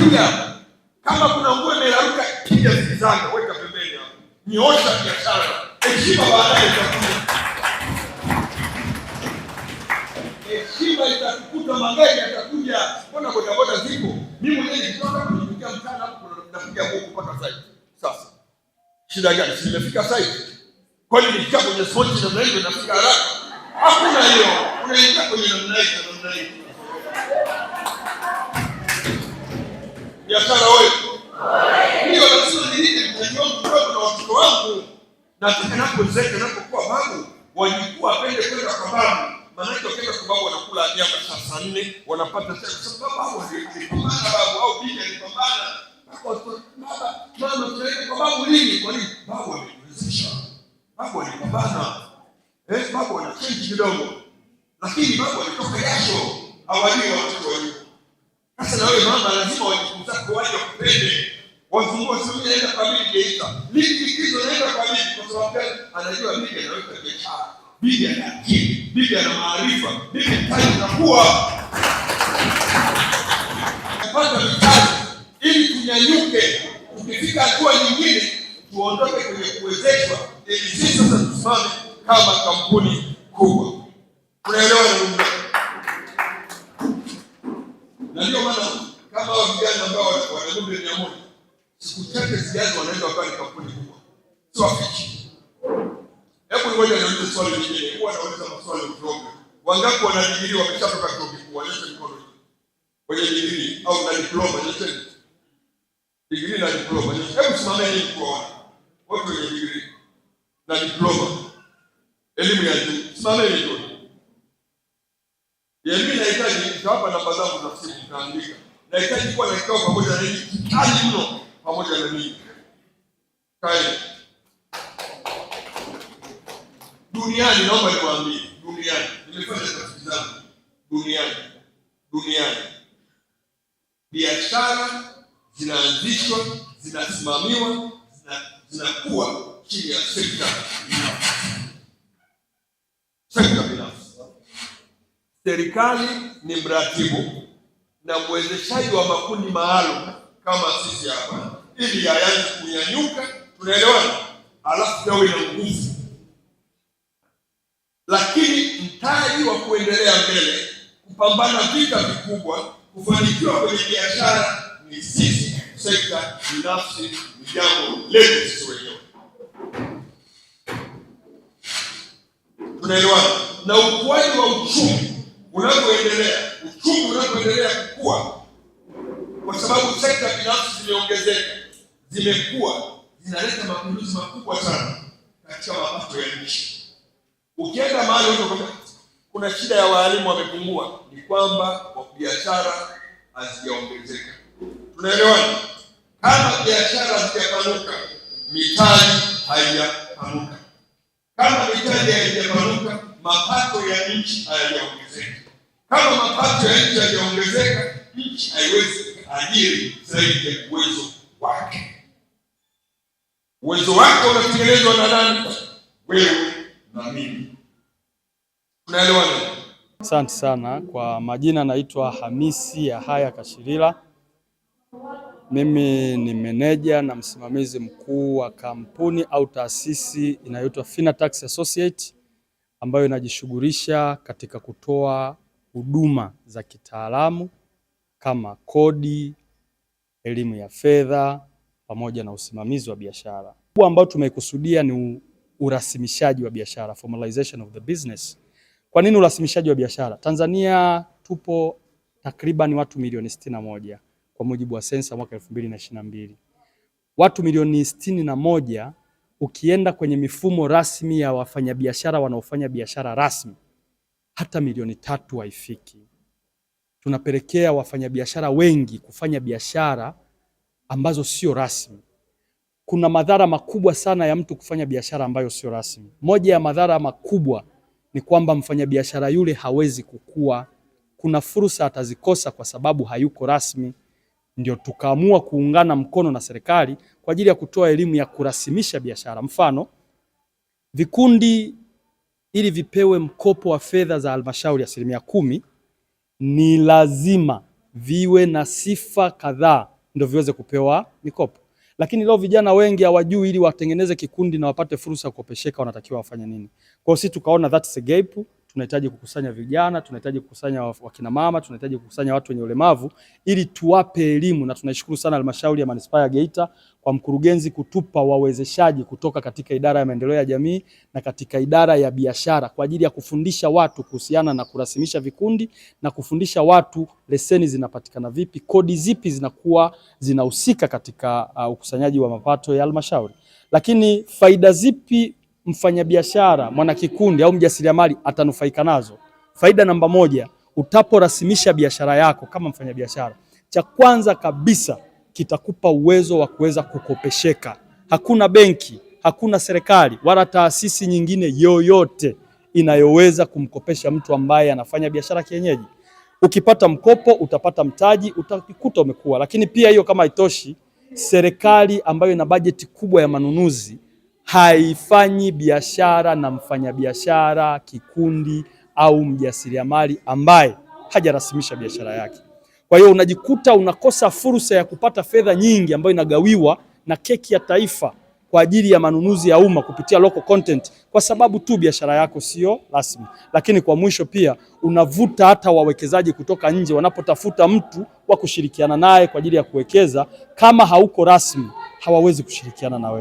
Piga Kama kuna nguo imeraruka, piga zikizanga, weka pembeni hapo. Nyoosha biashara. Heshima baadaye itakuja. Heshima itakukuta, magari yatakuja. Mbona bodaboda ziko? Mimi mwenyewe nitoka kunifikia mchana hapo kuna nafikia huko mpaka site. Sasa. Shida gani? Si nimefika site. Kwa nini nikikaa kwenye sochi na mimi nafika haraka? Hakuna hiyo. Unaingia kwenye namna hii na namna hii. biashara wetu, ili lazima mtaji wangu mdogo na watoto wangu. Nataka napozeka, napokuwa babu, wajukuu wapende kwenda kwa babu, kwa babu wanakula nyama saa nne, wanapata kwa sababu babu alipambana, babu au bibi alipambana. Mama, tunaenda kwa babu lini? Kwa nini? Babu babu alipambana, eh, babu ana kidogo, lakini babu alitoka jasho, watoto Sasa na wewe mama lazima mkoani ya kupende wazungu sio naenda kwa bibi Geita, liki likizo naenda kwa bibi, kwa sababu Anajua bibi anaweka biashara, bibi ana akili, bibi ana maarifa, bibi mtaji utakuwa kupata mitaji ili tunyanyuke. Ukifika hatua nyingine, tuondoke kwenye kuwezeshwa, ili sisi sasa tusimame kama kampuni kubwa. Unaelewa? kazi yake wanaweza wakawa ni kampuni kubwa, si wafiki. Hebu ngoja niulize swali lingine, huwa nauliza maswali ya utoke. Wangapi wana digrii wameshatoka chuo kikuu? Wanyoshe mikono kwenye digrii au na diploma, nyosheni. Digrii na diploma, hebu hii kwa wana. watu wenye digrii na diploma, elimu ya juu, simameni tu. Yemi nahitaji nitawapa namba zangu za simu, mtaandika. Nahitaji kuwa na kikao pamoja na nini? kikali mno, pamoja na nini? duniani, naomba niwaambie duniani, nimefanya tafiti zangu duniani, duniani biashara zinaanzishwa, zinasimamiwa, zinakuwa chini ya sekta sekta binafsi. Serikali ni mratibu na mwezeshaji wa makundi maalum kama sisi hapa, ili yayanze kunyanyuka tunaelewana, alafu yawe na nguvu, lakini mtaji wa kuendelea mbele, kupambana vita vikubwa, kufanikiwa kwenye biashara ni sisi, sekta binafsi ni jambo letu sisi wenyewe. Tunaelewana. Na ukuaji wa uchumi unapoendelea, uchumi unapoendelea kukua, kwa sababu sekta binafsi zimeongezeka, zimekuwa inaleta mapinduzi makubwa sana katika mapato ya nchi. Ukienda mahali huko kuna shida ya waalimu wamepungua, ni kwamba biashara hazijaongezeka. Tunaelewana? Kama biashara hazijapanuka, mitaji haijapanuka. Kama mitaji haijapanuka, mapato ya nchi hayajaongezeka. Kama mapato ya nchi hayajaongezeka, nchi haiwezi ajiri zaidi ya uwezo Uwezo wako unatekelezwa na nani? Wewe na mimi. Unaelewa? Asante sana kwa majina, naitwa Hamisi Yahaya kashirila Mimi ni meneja na msimamizi mkuu wa kampuni au taasisi inayoitwa Tax Associate ambayo inajishughulisha katika kutoa huduma za kitaalamu kama kodi, elimu ya fedha pamoja na usimamizi wa biashara. Kwa ambao tumekusudia ni urasimishaji wa biashara, formalization of the business. Kwa nini urasimishaji wa biashara? Tanzania tupo takriban watu milioni sitini na moja kwa mujibu wa sensa mwaka 2022. Watu milioni sitini na moja ukienda kwenye mifumo rasmi ya wafanyabiashara wanaofanya biashara rasmi hata milioni tatu haifiki. Tunapelekea wafanyabiashara wengi kufanya biashara ambazo sio rasmi. Kuna madhara makubwa sana ya mtu kufanya biashara ambayo sio rasmi. Moja ya madhara makubwa ni kwamba mfanyabiashara yule hawezi kukua. Kuna fursa atazikosa kwa sababu hayuko rasmi. Ndio tukaamua kuungana mkono na serikali kwa ajili ya kutoa elimu ya kurasimisha biashara. Mfano, vikundi ili vipewe mkopo wa fedha za halmashauri asilimia kumi, ni lazima viwe na sifa kadhaa ndio viweze kupewa mikopo. Lakini leo vijana wengi hawajui, ili watengeneze kikundi na wapate fursa ya kukopesheka wanatakiwa wafanye nini. Kwa hiyo sisi tukaona that's a gap tunahitaji kukusanya vijana, tunahitaji kukusanya wakina mama, tunahitaji kukusanya watu wenye ulemavu ili tuwape elimu, na tunaishukuru sana halmashauri ya manispaa ya Geita kwa mkurugenzi kutupa wawezeshaji kutoka katika idara ya maendeleo ya jamii na katika idara ya biashara kwa ajili ya kufundisha watu kuhusiana na kurasimisha vikundi na kufundisha watu leseni zinapatikana vipi, kodi zipi zinakuwa zinahusika katika uh, ukusanyaji wa mapato ya halmashauri, lakini faida zipi mfanyabiashara, mwanakikundi au mjasiriamali atanufaika nazo. Faida namba moja, utaporasimisha biashara yako kama mfanyabiashara, cha kwanza kabisa kitakupa uwezo wa kuweza kukopesheka. Hakuna benki, hakuna serikali wala taasisi nyingine yoyote inayoweza kumkopesha mtu ambaye anafanya biashara kienyeji. Ukipata mkopo utapata mtaji, utakuta umekuwa. Lakini pia hiyo kama haitoshi, serikali ambayo ina bajeti kubwa ya manunuzi haifanyi biashara na mfanyabiashara, kikundi au mjasiriamali ambaye hajarasimisha biashara yake. Kwa hiyo unajikuta unakosa fursa ya kupata fedha nyingi ambayo inagawiwa na keki ya taifa kwa ajili ya manunuzi ya umma kupitia local content, kwa sababu tu biashara yako sio rasmi. Lakini kwa mwisho pia unavuta hata wawekezaji kutoka nje wanapotafuta mtu wa kushirikiana naye kwa ajili ya kuwekeza, kama hauko rasmi hawawezi kushirikiana na wewe.